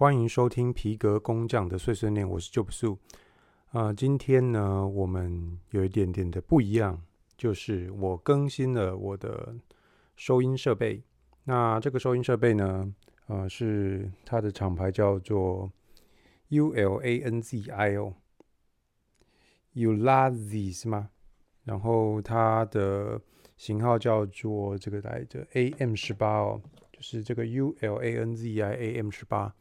歡迎收聽皮革工匠的碎碎念，我是 Job Su，呃，今天呢，我們有一點點的不一樣，就是我更新了我的收音設備。那這個收音設備呢，呃，是它的廠牌叫做 Ulanzi o u l a n z i 是嗎？然後它的型號叫做這個來着 AM 十八哦，就是這個 Ulanzi AM 十八。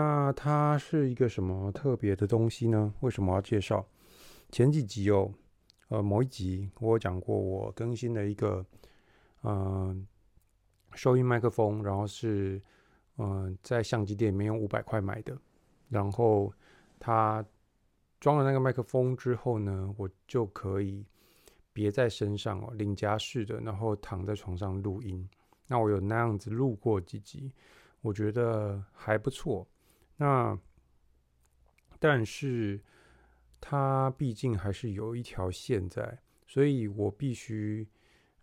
那它是一個什麼特別的東西呢？為什麼要介紹？前幾集哦，呃，某一集我有講過，我更新了一個，嗯、呃，收音麥克風，然後是，嗯、呃，在相機店裡面用五百塊買的。然後它裝了那個麥克風之後呢，我就可以別在身上哦，領夾式的，然後躺在床上錄音。那我有那樣子錄過幾集，我覺得還不錯。那，但是它畢竟還是有一條線在，所以我必須，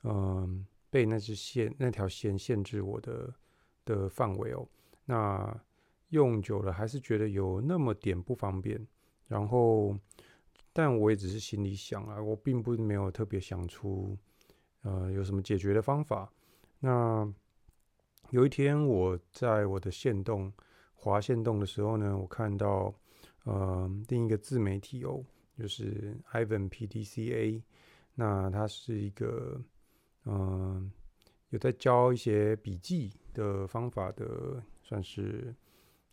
嗯、呃，被那支線、那條線限制我的的範圍哦。那用久了還是覺得有那麼點不方便。然後，但我也只是心裡想啊，我並不沒有特別想出，呃，有什麼解決的方法。那有一天我在我的線洞。滑線動的時候呢，我看到，嗯、呃、另一個自媒體哦，就是 Ivan P D C A，那他是一個，嗯、呃，有在教一些筆記的方法的，算是，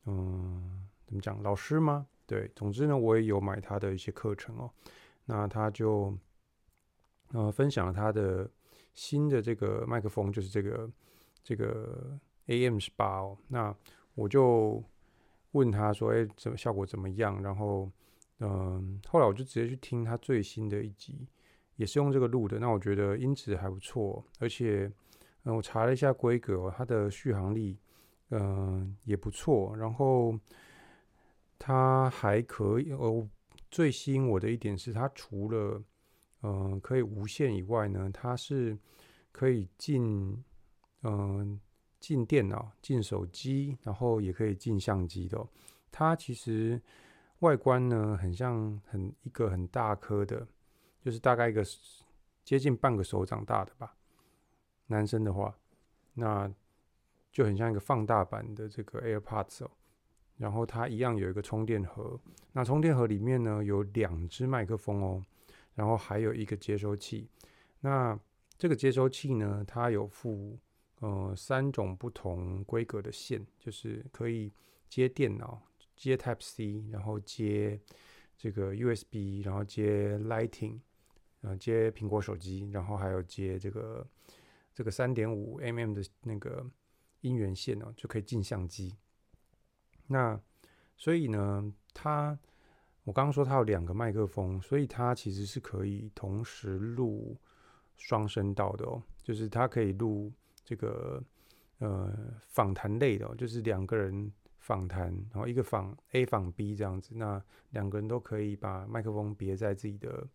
嗯、呃，怎麼講，老師嗎？對，總之呢，我也有買他的一些課程哦，那他就，呃，分享了他的新的這個麥克風，就是這個這個 A M 18哦，那。我就問他說：“哎、欸，怎麼效果怎麼樣？”然後，嗯、呃，後來我就直接去聽他最新的一集，也是用這個錄的。那我覺得音質還不錯，而且，嗯、呃，我查了一下規格，它的續航力，嗯、呃，也不錯。然後它還可以。哦、呃，最吸引我的一點是，它除了嗯、呃、可以無線以外呢，它是可以進嗯。呃進電腦、進手機，然後也可以進相機的哦。它其實外觀呢，很像很一個很大顆的，就是大概一個接近半個手掌大的吧。男生的話，那就很像一個放大版的這個 AirPods 哦。然後它一樣有一個充電盒，那充電盒裡面呢，有兩隻麥克風哦，然後還有一個接收器。那這個接收器呢，它有附。呃，三種不同規格的線，就是可以接電腦、接 Type C，然後接這個 USB，然後接 Lighting，然後接蘋果手機，然後還有接這個這個三點五 mm 的那個音源線哦，就可以進相機。那所以呢，它我剛剛說它有兩個麥克風，所以它其實是可以同時錄雙聲道的哦，就是它可以錄。這個呃訪談類的、喔，就是兩個人訪談，然後一個訪 A 訪 B 這樣子，那兩個人都可以把麥克風別在自己的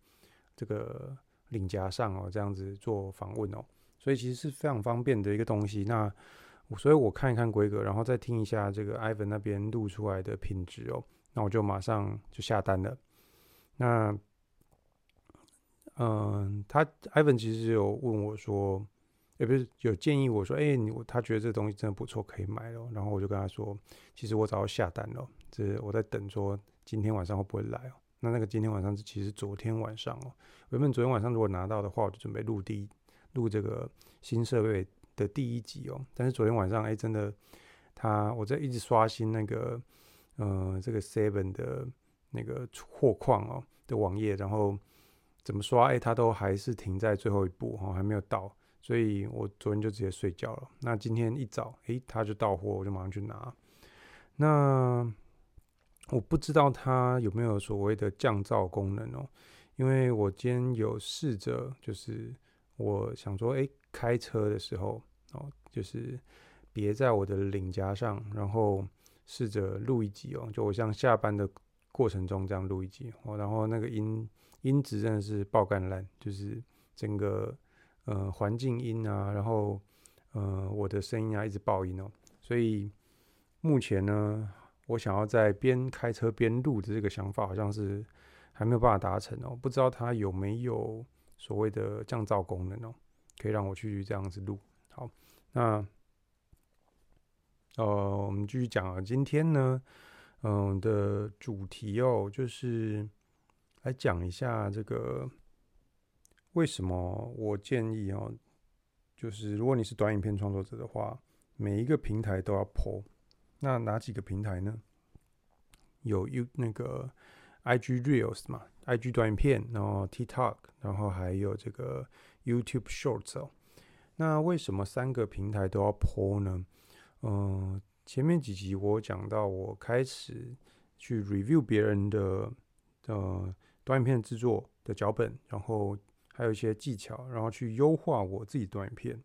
這個領夾上哦、喔，這樣子做訪問哦、喔，所以其實是非常方便的一個東西。那所以我看一看規格，然後再聽一下這個 Ivan 那邊錄出來的品質哦、喔，那我就馬上就下單了。那嗯、呃，他 Ivan 其實有問我說。也不是有建議我說，哎、欸，你他覺得這個東西真的不錯，可以買了、喔。然後我就跟他說，其實我早就下單了，只是我在等說今天晚上會不會來哦、喔。那那個今天晚上是其實昨天晚上哦、喔，原本昨天晚上如果拿到的話，我就準備錄第錄這個新設備的第一集哦、喔。但是昨天晚上，哎、欸，真的，他我在一直刷新那個，嗯、呃、這個 Seven 的那個貨況哦的網頁，然後怎麼刷，哎、欸，它都還是停在最後一步哦、喔，還沒有到。所以我昨天就直接睡覺了。那今天一早，誒、欸，他就到貨，我就馬上去拿。那我不知道他有沒有所謂的降噪功能哦，因為我今天有試着，就是我想說，誒、欸，開車的時候哦,就是別在我的領夾上，然後試着錄一集哦，就我像下班的過程中這樣錄一集哦，然後那個音音質真的是爆幹爛，就是整個。呃，環境音啊，然後呃，我的聲音啊，一直爆音哦，所以目前呢，我想要在邊開車邊錄的這個想法，好像是還沒有辦法達成哦，不知道它有沒有所謂的降噪功能哦，可以讓我去，去這樣子錄。好，那呃，我們繼續講啊，今天呢，嗯、呃、我的主題哦，就是來講一下這個。為什麼我建議哦？就是如果你是短影片創作者的話，每一個平台都要 po。那哪幾個平台呢？有 U 那個 IG Reels 嘛，IG 短影片，然後 TikTok，然後還有這個 YouTube Shorts、哦。那為什麼三個平台都要 po 呢？嗯、呃，前面幾集我講到，我開始去 review 別人的呃短影片製作的腳本，然後。還有一些技巧，然後去優化我自己的短影片。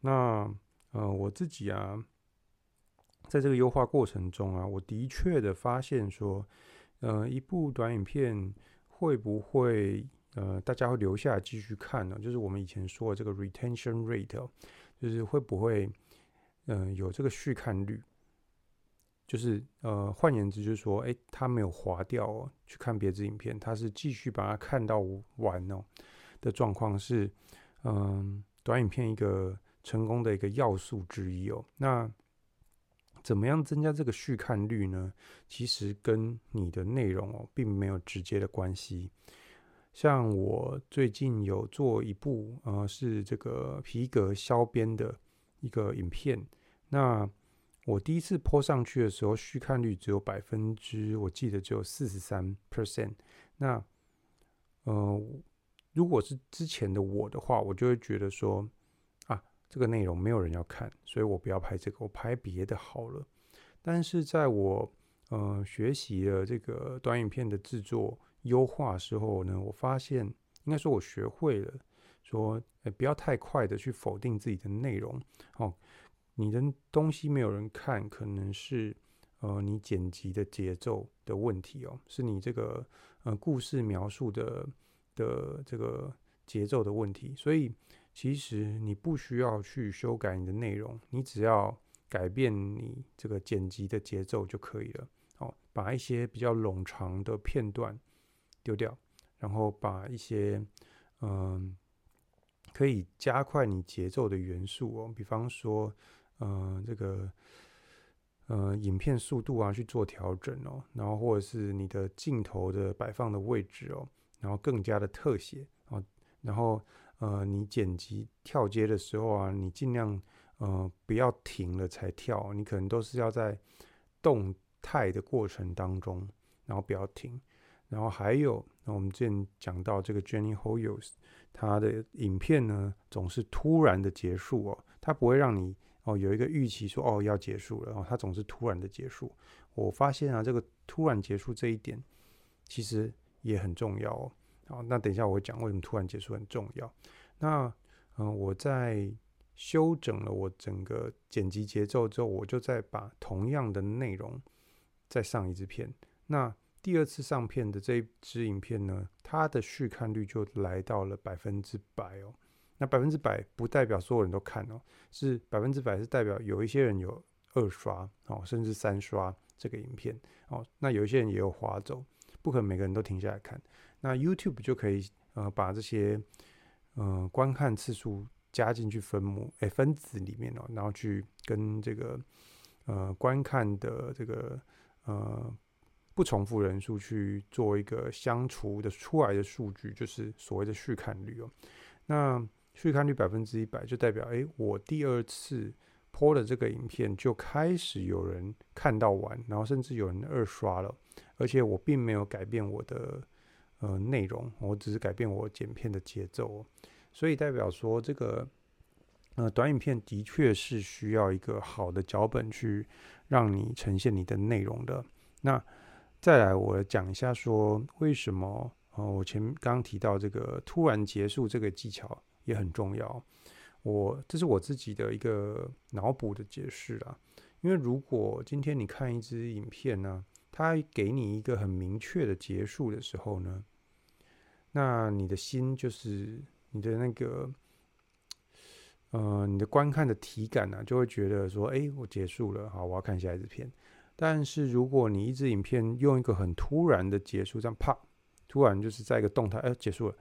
那呃，我自己啊，在這個優化過程中啊，我的確的發現說，呃，一部短影片會不會呃，大家會留下來繼續看呢、喔？就是我們以前說的這個 retention rate 喔，就是會不會嗯、呃、有這個續看率？就是呃，換言之就是說，哎、欸，他沒有劃掉哦、喔，去看別的影片，他是繼續把它看到完哦、喔。的狀況是，嗯、呃，短影片一個成功的一個要素之一哦、喔。那怎麼樣增加這個續看率呢？其實跟你的內容哦、喔，並沒有直接的關係。像我最近有做一部，呃，是這個皮革削邊的一個影片。那我第一次 PO 上去的時候，續看率只有百分之，我記得只有四十三 percent。那，呃。如果是之前的我的話，我就會覺得說，啊，這個內容沒有人要看，所以我不要拍這個，我拍別的好了。但是在我呃學習了這個短影片的制作優化之後呢，我發現，應該說我學會了，說，呃、欸，不要太快的去否定自己的內容。哦，你的東西沒有人看，可能是呃你剪輯的節奏的問題哦，是你這個呃故事描述的。的這個節奏的問題，所以其實你不需要去修改你的內容，你只要改變你這個剪輯的節奏就可以了。哦，把一些比較冗長的片段丟掉，然後把一些嗯、呃、可以加快你節奏的元素哦，比方說嗯、呃、這個嗯、呃、影片速度啊去做調整哦，然後或者是你的鏡頭的擺放的位置哦。然後更加的特寫啊、哦，然後呃，你剪輯跳接的時候啊，你盡量呃不要停了才跳，你可能都是要在動態的過程當中，然後不要停。然後還有，那、哦、我們之前講到這個 Jenny Hoyos 他的影片呢總是突然的結束哦，他不會讓你哦有一個預期說哦要結束了，哦，然後他總是突然的結束。我發現啊，這個突然結束這一點，其實。也很重要哦。好，那等一下我會講為什麼突然結束很重要。那嗯、呃，我在修整了我整個剪輯節奏之後，我就再把同樣的內容再上一支片。那第二次上片的這一支影片呢，它的續看率就來到了百分之百哦。那百分之百不代表所有人都看哦，是百分之百是代表有一些人有二刷哦，甚至三刷這個影片哦。那有一些人也有滑走。不可能每個人都停下來看，那 YouTube 就可以呃把這些呃觀看次數加進去分母，哎分子裡面哦，然後去跟這個呃觀看的這個呃不重複人數去做一個相除的出來的數據，就是所謂的續看率哦。那續看率百分之一百就代表哎，我第二次播的這個影片就開始有人看到完，然後甚至有人二刷了。而且我並沒有改變我的呃內容，我只是改變我剪片的節奏，所以代表說，這個呃短影片的確是需要一個好的腳本去讓你呈現你的內容的。那再來我講一下說，為什麼啊、呃，我前剛提到這個突然結束這個技巧也很重要，我這是我自己的一個腦補的解釋啦。因為如果今天你看一支影片呢，他給你一個很明確的結束的時候呢，那你的心就是你的那個，呃，你的觀看的體感呢、啊，就會覺得說，哎、欸，我結束了，好，我要看下一支片。但是如果你一支影片用一個很突然的結束，這樣啪，突然就是在一個動態，哎、欸，結束了，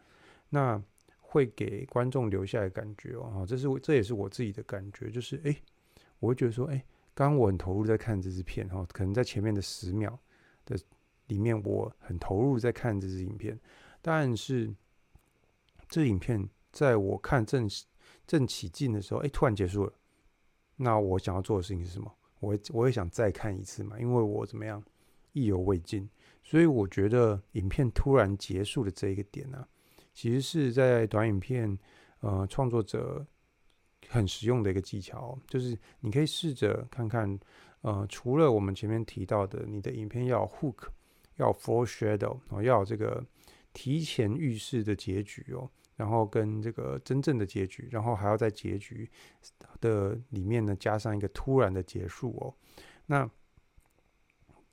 那會給觀眾留下的感覺哦。這是這也是我自己的感覺，就是哎、欸，我會覺得說，哎、欸。剛剛我很投入在看這支片，然後可能在前面的十秒的裡面，我很投入在看這支影片，但是這影片在我看正正起勁的時候，哎、欸，突然結束了。那我想要做的事情是什麼？我我也想再看一次嘛，因為我怎麼樣意猶未盡。所以我覺得影片突然結束的這一個點呢、啊，其實是在短影片呃創作者。很實用的一個技巧，喔，就是你可以試着看看，呃，除了我們前面提到的，你的影片要 hook，要 foreshadow 哦，喔，要有這個提前預示的結局哦，喔，然後跟這個真正的結局，然後還要在結局的裡面呢，加上一個突然的結束哦，喔。那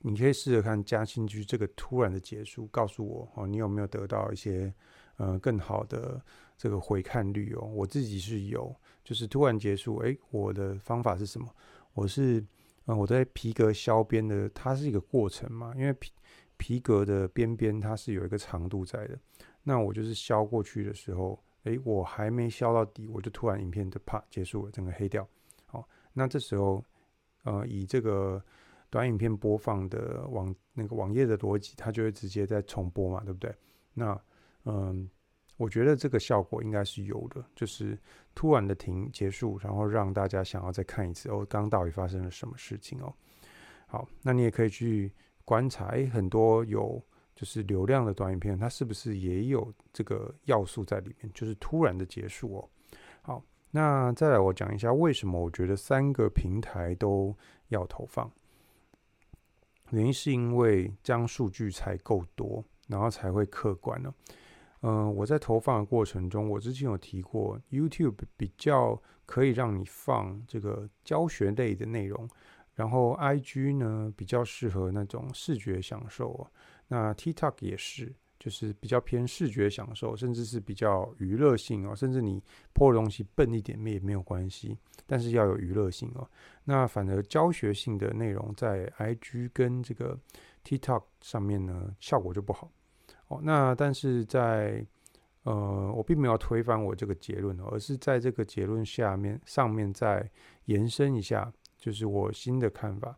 你可以試着看加進去這個突然的結束，告訴我哦，喔，你有沒有得到一些呃更好的？這個回看率哦，我自己是有，就是突然結束，哎，我的方法是什麼？我是，嗯、呃，我在皮革削邊的，它是一個過程嘛，因為皮皮革的邊邊它是有一個長度在的，那我就是削過去的時候，哎，我還沒削到底，我就突然影片就啪結束了，整個黑掉，好，那這時候，呃，以這個短影片播放的網那個網頁的邏輯，它就會直接再重播嘛，對不對？那，嗯、呃。我覺得這個效果應該是有的，就是突然的停結束，然後讓大家想要再看一次哦，剛到底發生了什麼事情哦？好，那你也可以去觀察，欸，很多有就是流量的短影片，它是不是也有這個要素在裡面？就是突然的結束哦。好，那再來我講一下為什麼我覺得三個平台都要投放，原因是因為這樣數據才夠多，然後才會客觀呢。嗯、呃，我在投放的過程中，我之前有提過，YouTube 比較可以讓你放這個教學類的內容，然後 IG 呢比較適合那種視覺享受哦。那 TikTok 也是，就是比較偏視覺享受，甚至是比較娛樂性哦，甚至你 Po 的東西笨一點沒也沒有關係，但是要有娛樂性哦。那反而教學性的內容在 IG 跟這個 TikTok 上面呢，效果就不好。哦，那但是在，呃，我並沒有推翻我這個結論，而是在這個結論下面、上面再延伸一下，就是我新的看法。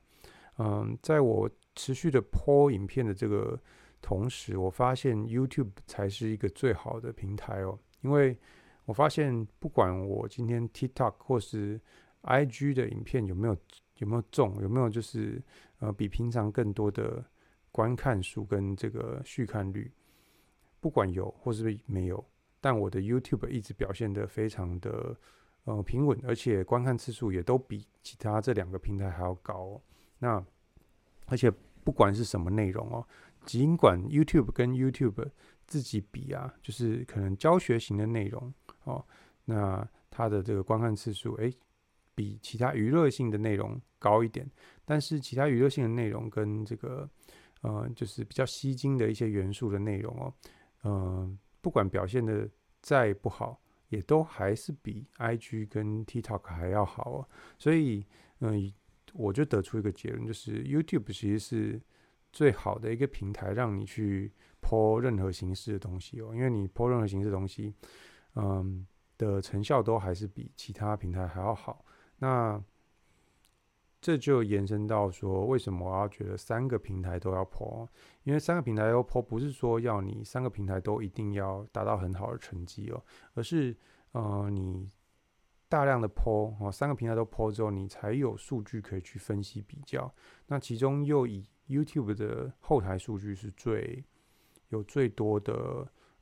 嗯，在我持續的 po 影片的這個同時，我發現 YouTube 才是一個最好的平台哦，因為我發現不管我今天 TikTok 或是 IG 的影片有沒有有沒有重，有沒有就是呃比平常更多的觀看數跟這個續看率。不管有或是沒有，但我的 YouTube 一直表現得非常的呃平穩，而且觀看次數也都比其他這兩個平台還要高哦。那而且不管是什麼內容哦，儘管 YouTube 跟 YouTube 自己比啊，就是可能教學型的內容哦，那它的這個觀看次數誒、欸，比其他娛樂性的內容高一點，但是其他娛樂性的內容跟這個呃就是比較吸睛的一些元素的內容哦。嗯，不管表現的再不好，也都還是比 IG 跟 TikTok 還要好哦。所以，嗯，我就得出一個結論，就是 YouTube 其實是最好的一個平台，讓你去 PO 任何形式的東西哦。因為你 PO 任何形式的東西，嗯的成效都還是比其他平台還要好。那這就延伸到說，為什麼我要覺得三個平台都要 po？因為三個平台都 po，不是說要你三個平台都一定要達到很好的成績哦，而是呃，你大量的 po 哦，三個平台都 po 之後，你才有數據可以去分析比較。那其中又以 YouTube 的後台數據是最有最多的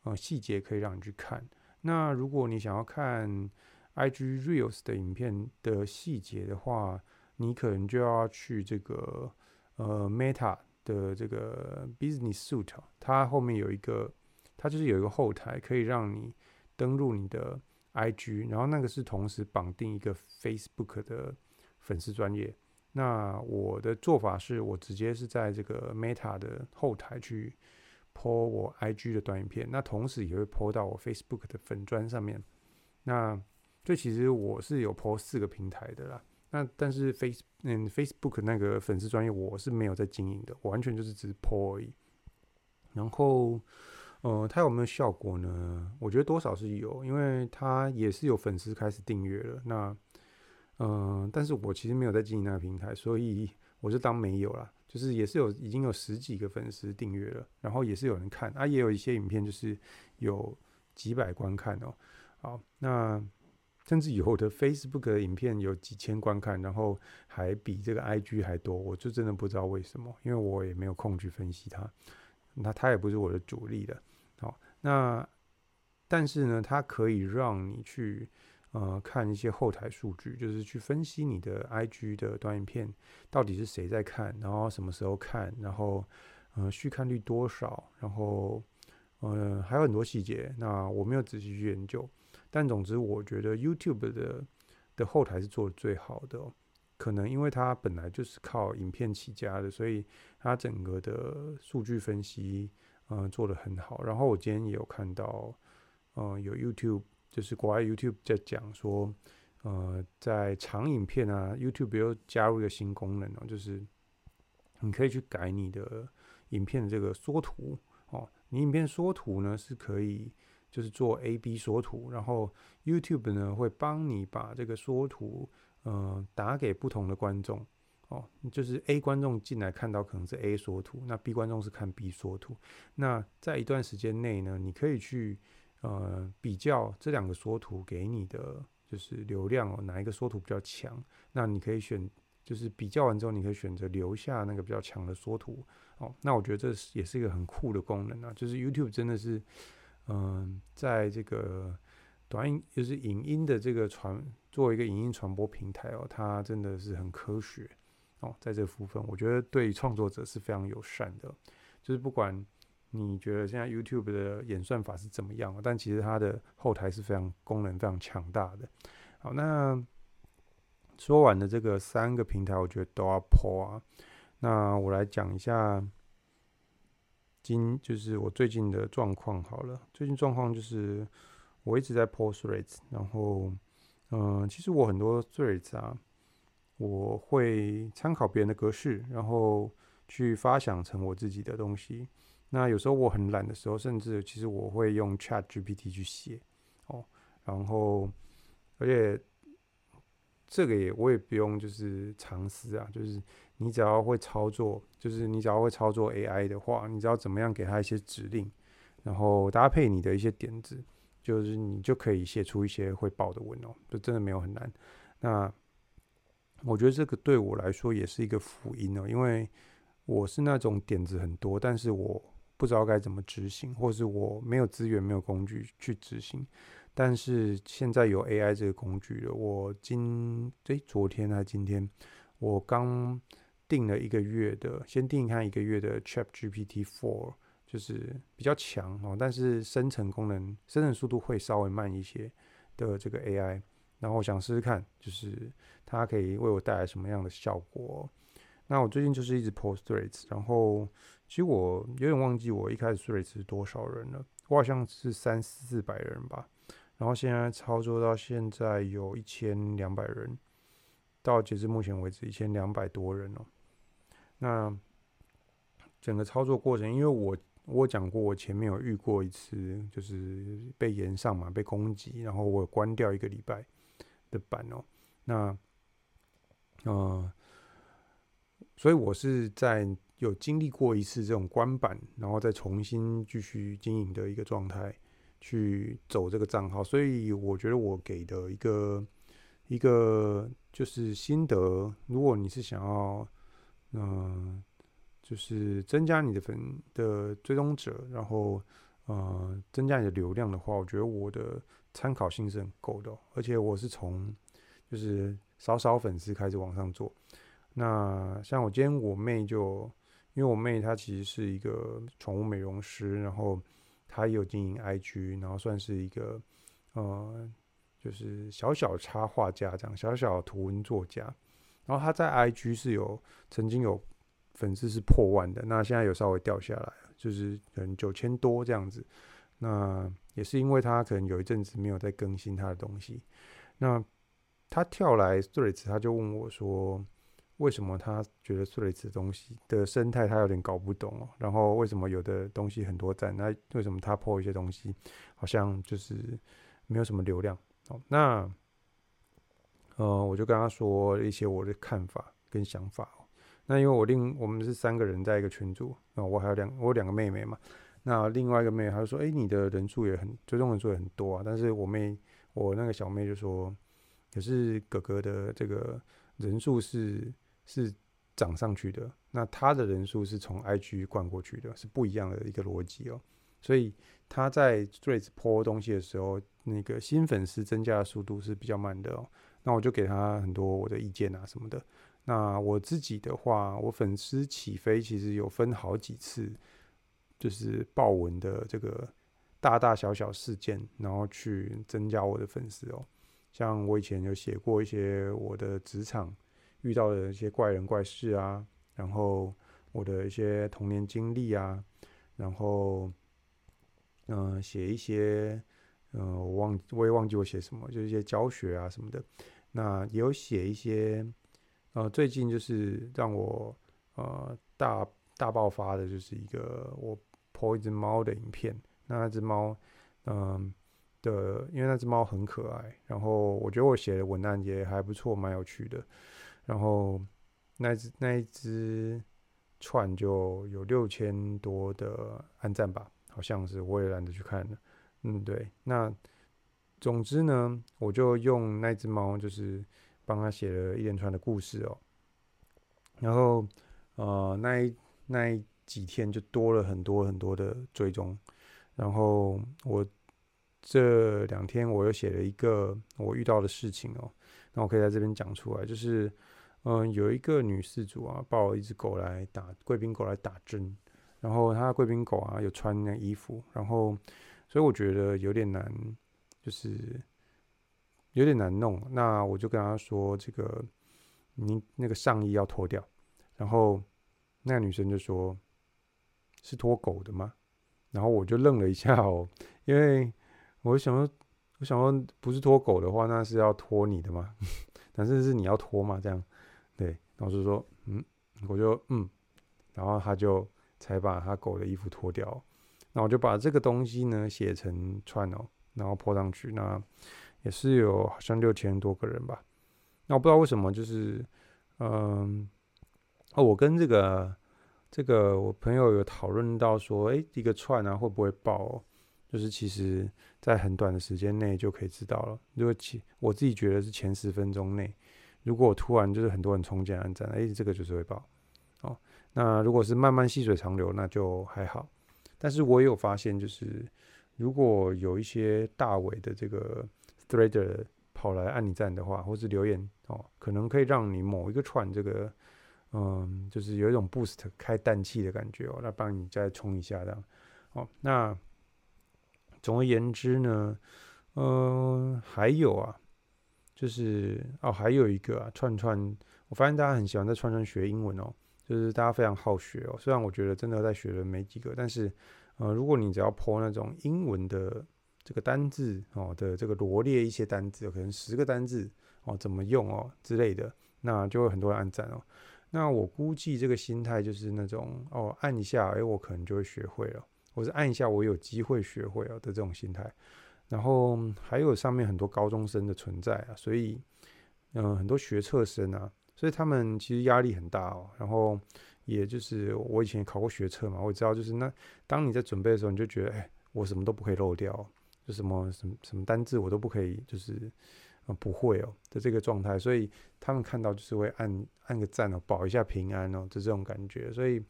呃細節可以讓你去看。那如果你想要看 IG Reels 的影片的細節的話，你可能就要去這個呃 Meta 的這個 Business Suite，它後面有一個，它就是有一個後台可以讓你登錄你的 IG，然後那個是同時綁定一個 Facebook 的粉絲專頁。那我的做法是我直接是在這個 Meta 的後台去 po 我 IG 的短影片，那同時也會 po 到我 Facebook 的粉專上面。那這其實我是有 po 四個平台的啦。那但是 Face 嗯 Facebook 那個粉絲專頁，我是沒有在經營的，完全就是只是 po 而已。然後呃它有沒有效果呢？我覺得多少是有，因為它也是有粉絲開始訂閱了。那嗯、呃，但是我其實沒有在經營那個平台，所以我就當沒有啦。就是也是有已經有十幾個粉絲訂閱了，然後也是有人看，啊也有一些影片就是有幾百觀看哦，喔。好，那。甚至以後的 Facebook 的影片有幾千觀看，然後還比這個 IG 還多，我就真的不知道為什麼，因為我也沒有空去分析它。那它也不是我的主力的，好，那但是呢，它可以讓你去呃看一些後台數據，就是去分析你的 IG 的短影片到底是誰在看，然後什麼時候看，然後呃續看率多少，然後嗯、呃、還有很多細節，那我沒有仔細去研究。但總之，我覺得 YouTube 的的後台是做得最好的哦，可能因為它本來就是靠影片起家的，所以它整個的數據分析，嗯、呃，做得很好。然後我今天也有看到，嗯、呃，有 YouTube，就是國外 YouTube 在講說，呃，在長影片啊，YouTube 又加入一個新功能哦，就是你可以去改你的影片的這個縮圖哦，你影片縮圖呢，是可以。就是做 A、B 縮圖，然後 YouTube 呢會幫你把這個縮圖，呃，打給不同的觀眾哦。就是 A 觀眾進來看到可能是 A 縮圖，那 B 觀眾是看 B 縮圖。那在一段時間內呢，你可以去呃，比較這兩個縮圖給你的就是流量哦，哪一個縮圖比較強，那你可以選，就是比較完之後你可以選擇留下那個比較強的縮圖哦。那我覺得這也是一個很酷的功能啊，就是 YouTube 真的是。嗯，在這個短影就是影音的這個傳作為一個影音傳播平台哦，它真的是很科學哦，在這部分我覺得對創作者是非常友善的，就是不管你覺得現在 YouTube 的演算法是怎麼樣，但其實它的後台是非常功能非常強大的。好，那說完的說完了這個三個平台，我覺得都要破啊。那我來講一下。今就是我最近的狀況好了。最近狀況就是我一直在 post threads，然後，嗯、呃，其實我很多 threads 啊，我會參考別人的格式，然後去發想成我自己的東西。那有時候我很懶的時候，甚至其實我會用 Chat GPT 去寫哦。然後，而且。這個也我也不用就是嘗試啊，就是你只要會操作，就是你只要會操作 AI 的話，你只要怎麼樣給它一些指令，然後搭配你的一些點子，就是你就可以寫出一些會爆的文哦，就真的沒有很難。那我覺得這個對我來說也是一個福音哦，因為我是那種點子很多，但是我不知道該怎麼執行，或是我沒有資源、沒有工具去執行。但是現在有 AI 這個工具了。我今哎、欸、昨天還是今天，我剛訂了一個月的，先訂看一,一個月的 Chat GPT Four，就是比較強哦，但是生成功能、生成速度會稍微慢一些的這個 AI。然後我想試試看，就是它可以為我帶來什麼樣的效果。那我最近就是一直 Post Threads，然後其實我有點忘記我一開始 Threads 是多少人了，我好像是三四百人吧。然後現在操作到現在有一千兩百人，到截至目前為止一千兩百多人哦。那整個操作過程，因為我我講過，我前面有遇過一次，就是被延上嘛，被攻擊，然後我關掉一個禮拜的版哦。那，呃，所以我是在有經歷過一次這種關版，然後再重新繼續經營的一個狀態。去走這個賬號所以我覺得我給的一個一個就是心得，如果你是想要，嗯、呃，就是增加你的粉的追蹤者，然後呃增加你的流量的話，我覺得我的參考性是很夠的，而且我是從就是少少粉絲開始往上做。那像我今天我妹就，因為我妹她其實是一個寵物美容師，然後。他也有經營 IG，然後算是一個，呃，就是小小插畫家這樣，小小圖文作家。然後他在 IG 是有曾經有粉絲是破萬的，那現在有稍微掉下來，就是可能九千多這樣子。那也是因為他可能有一陣子沒有在更新他的東西。那他跳來 threads，他就問我說。為什麼他覺得是類似東西的生態，他有點搞不懂，哦、喔？然後為什麼有的東西很多讚，那為什麼他 po 一些東西好像就是沒有什麼流量？哦？那呃，我就跟他說一些我的看法跟想法哦、喔。那因為我另我們是三個人在一個群組、喔，那我還有兩我兩個妹妹嘛。那另外一個妹妹她就說：“誒，你的人數也很，追蹤人數也很多啊。”但是我妹，我那個小妹就說：“可是哥哥的這個人數是。”是漲上去的，那他的人數是從 IG 灌過去的，是不一樣的一個邏輯哦。所以他在 Threads PO 東西的時候，那個新粉絲增加的速度是比較慢的、喔。哦。那我就給他很多我的意見啊什麼的。那我自己的話，我粉絲起飛其實有分好幾次，就是爆文的這個大大小小事件，然後去增加我的粉絲哦、喔。像我以前有寫過一些我的職場。遇到的一些怪人怪事啊，然後我的一些童年經歷啊，然後嗯、呃，寫一些嗯、呃，我忘我也忘記我寫什麼，就是一些教學啊什麼的。那也有寫一些，呃，最近就是讓我呃大大爆發的，就是一個我 po 一隻貓的影片。那那隻貓嗯的、呃，因為那隻貓很可愛，然後我覺得我寫的文案也還不錯，蠻有趣的。然後那隻那一隻串就有六千多的按讚吧，好像是，我也懶得去看了。嗯，對。那總之呢，我就用那隻貓，就是幫他寫了一連串的故事哦。然後呃，那一那一幾天就多了很多很多的追蹤。然後我這兩天我又寫了一個我遇到的事情哦，那我可以在這邊講出來，就是。嗯、呃，有一個女飼主啊，抱了一隻狗來打貴賓狗來打針，然後她貴賓狗啊有穿那個衣服，然後所以我覺得有點難，就是有點難弄。那我就跟她說：“這個你那個上衣要脫掉。”然後那個女生就說：“是脫狗的嗎？”然後我就愣了一下哦、喔，因為我想說我想說不是脫狗的話，那是要脫你的嗎？ 但是是你要脫嘛，這樣。對，然後就說，嗯，我就嗯，然後他就才把他狗的衣服脫掉，那我就把這個東西呢寫成串哦，然後潑上去，那也是有好像六千多個人吧，那我不知道為什麼就是，嗯，哦，我跟這個這個我朋友有討論到說，哎，一個串啊會不會爆哦？就是其實在很短的時間內就可以知道了，如果前我自己覺得是前十分鐘內。如果突然就是很多人衝進來按讚，哎，這個就是會爆，哦。那如果是慢慢細水長流，那就還好。但是我也有發現，就是如果有一些大尾的這個 threader 跑來按你讚的話，或是留言哦，可能可以讓你某一個串這個，嗯，就是有一種 boost 開氮氣的感覺哦，那幫你再衝一下這樣。哦，那總而言之呢，嗯、呃，還有啊。就是哦，還有一個啊串串，我發現大家很喜歡在串串學英文哦，就是大家非常好學哦。雖然我覺得真的在學的沒幾個，但是呃，如果你只要拋那種英文的這個單字哦的這個羅列一些單字，可能十個單字哦怎麼用哦之類的，那就會很多人按讚哦。那我估計這個心態就是那種哦，按一下，誒、欸，我可能就會學會了，或是按一下，我有機會學會了的這種心態。然後還有上面很多高中生的存在啊，所以嗯、呃，很多學測生啊，所以他們其實壓力很大哦。然後也就是我以前也考過學測嘛，我也知道就是那當你在準備的時候，你就覺得哎，我什麼都不可以漏掉，就什麼什麼什麼單字我都不可以，就是啊、呃、不會哦的這個狀態。所以他們看到就是會按按個讚哦，保一下平安哦，就這種感覺。所以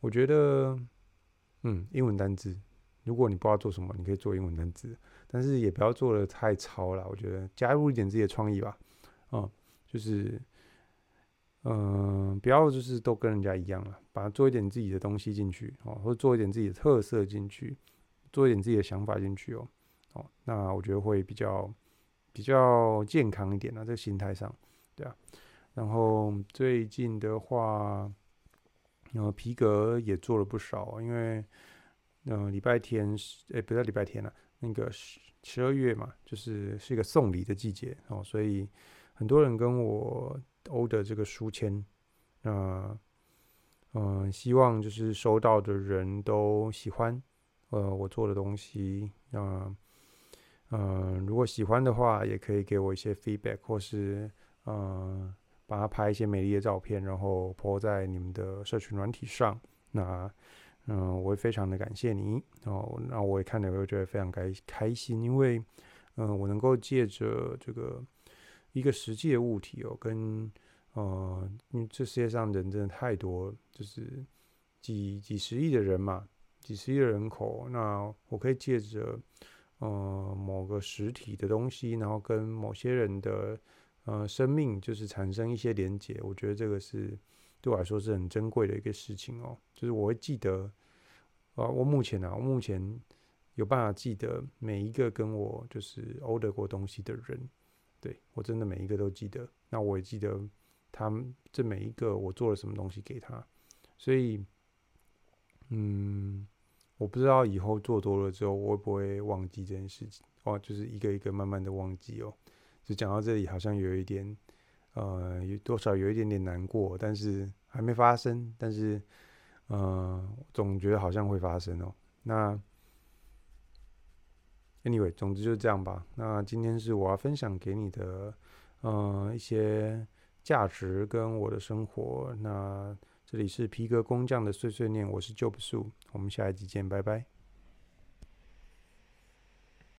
我覺得嗯，英文單字。如果你不知道做什麼，你可以做英文單詞，但是也不要做得太糙了。我覺得加入一點自己的創意吧，嗯，就是，嗯、呃，不要就是都跟人家一樣了，把它做一點自己的東西進去哦、喔，或做一點自己的特色進去，做一點自己的想法進去哦、喔，哦、喔，那我覺得會比較比較健康一點啊，這個心態上，對啊。然後最近的話，後、嗯、皮革也做了不少，因為。嗯、呃，禮拜天是誒、欸，不是禮拜天了、啊。那個十十二月嘛，就是是一個送禮的季節哦，所以很多人跟我 order 這個書籤，那、呃、嗯、呃，希望就是收到的人都喜歡，呃，我做的東西，嗯、呃、嗯、呃，如果喜歡的話，也可以給我一些 feedback，或是嗯、呃，把它拍一些美麗的照片，然後 po 在你們的社群軟體上，那。嗯、呃，我會非常的感謝你哦。然後那我也看了，我覺得非常開開心，因為嗯、呃，我能夠借着這個一個實際的物體哦，跟呃，這世界上人真的太多，就是幾幾十億的人嘛，幾十億的人口，那我可以借着呃某個實體的東西，然後跟某些人的呃生命，就是產生一些連接，我覺得這個是。對我來說是很珍貴的一個事情哦，就是我會記得，啊，我目前啊，我目前有辦法記得每一個跟我就是 order 過東西的人，對，我真的每一個都記得，那我也記得他們這每一個我做了什麼東西給他，所以，嗯，我不知道以後做多了之後我會不會忘記這件事情，哦，就是一個一個慢慢的忘記哦，就講到這裡好像有一點。呃，有多少有一點點難過，但是還沒發生，但是，呃，總覺得好像會發生哦。那，anyway，總之就這樣吧。那今天是我要分享給你的，呃，一些價值跟我的生活。那這裡是皮革工匠的碎碎念，我是 Job Su，我們下一集見，拜拜。